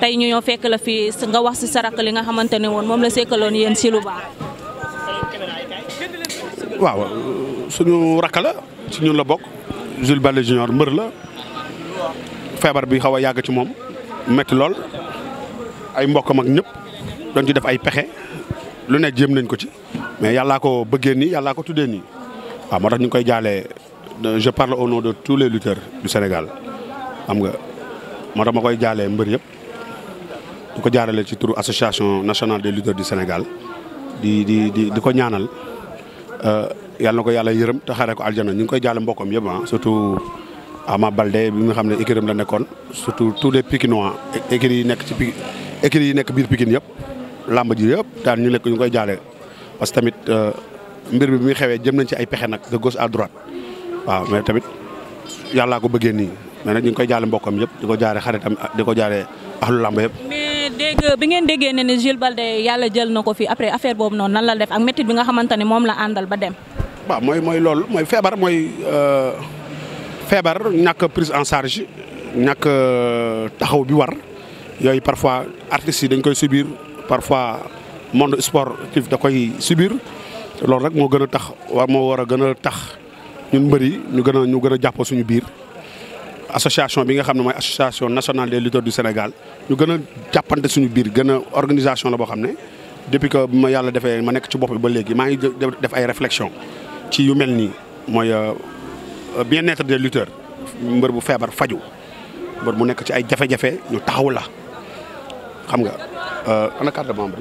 tey ñu ñoo fekk la fi nga wax ci sarak li nga xamante ne woon moom la sekkaloon yéen ci lu baax. waaw suñu rakk la ci la bokk Jules Baldé Junior mbër la feebar bi xaw a yàgg ci moom metti lool ay mbokkam ak ñëpp doon ci def ay pexe lu ne jëm nañ ko ci mais yàllaa ko bëggee nii yàllaa ko tuddee nii waaw moo ñu koy jaalee je parle au nom les lutteurs du Sénégal xam nga moo tax ma koy jaalee mbër yëpp. di ko jaarale ci turu association nationale des lutteurs du Sénégal di di di di ko ñaanal euh, yàlla na ko yàlla yërëm te xare ko aljana ñu ngi koy jaale mbokkam yëpp ah surtout Ama Baldé bi nga xam ne écurie la nekkoon surtout tous les Pikinois écurie yi nekk ci Pikine écurie yi nekk biir Pikine yëpp làmb ji yëpp daal ñu lekk ñu koy jaale parce que tamit euh, mbir bi muy xewee jëm nañ ci ay pexe nag de à droite waaw mais tamit yàllaa ko bëggee nii mais nag ñu ngi koy jaale mbokkam yëpp di ko jaare xaritam di ko jaare ahlu làmb yëpp mais dégg bi ngeen déggee ne ne Jules Baldé yàlla jël na ko fi après affaire boobu noonu nan la def ak métit bi nga xamante ne la àndal ba dem. waaw mooy mooy loolu mooy feebar mooy euh, feebar ñàkk prise en charge ñàkk euh, taxaw bi war yooyu parfois artistes yi dañ koy subir parfois monde sportif da koy subir loolu rek moo gën a tax war moo war a tax ñun mbër ñu gën ñu gën a suñu biir. association bi nga xam moy association nationale des lutteurs du Sénégal ñu gëna a suñu biir gëna organisation la bo xam depuis que ma yalla défé ma nek ci bopp bi ba légui ma ngi def ay réflexion ci yu melni moy euh, euh, bien-être des lutteurs mbeur bu feebar faju mbër mu nek ci ay jafé jafé ñu taxaw la xam nga euh ana carte de membre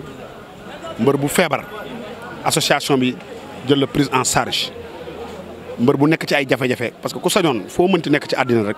mbeur bu feebar association bi jël le prise en charge mbeur bu nek ci ay jafé jafé parce que ku sañoon foo mënti nek ci adina rek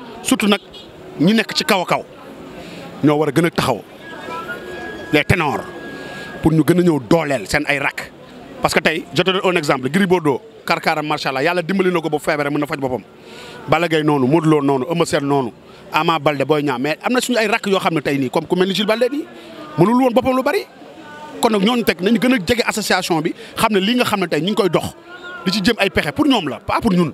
surtout nag ñi nekk ci kaw kaw ñoo war a gën a taxaw les ténors pour ñu gën a ñëw dooleel seen ay rak parce que tey jote un exemple Gris Bordeaux karkaaram macha allah yàlla dimbali na ko ba feebare mën na faj boppam Balla Gaye noonu Modou Lo noonu Eumeu Sène noonu Ama Baldé Boy Niang mais am na suñu ay rakk yoo xam ne tey nii comme ku mel ni Jules Baldé nii mënul woon boppam lu bari kon nag ñooñu teg nañu gën a jege association bi xam ne lii nga xam ne tey ñu ngi koy dox di ci jëm ay pexe pour ñoom la pour ñun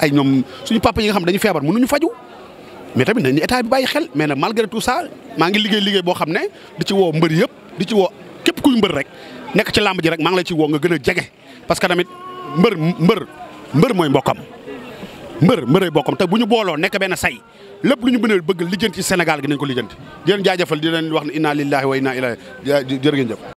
ay ñoom suñu papa yi nga xam dañu feebar mënuñu faju mais tamit nañu état bi bàyyi xel mais nag malgré tout ça maa ngi liggéey liggéey boo xam ne di ci woo mbër yëpp di ci woo képp kuy mbër rek nekk ci làmb ji rek maa ngi la ci woo nga gën a jege que tamit mbër mbër mbër mooy mbokkam mbër mbëree bokkam te bu ñu booloo nekk benn say lépp lu ñu bënee bëgg lijjanti ci Sénégal gi nañ ko lijjanti di leen jaajëfal di leen wax ne inna lillahi wa inna ilayhi jërë ngeen jëf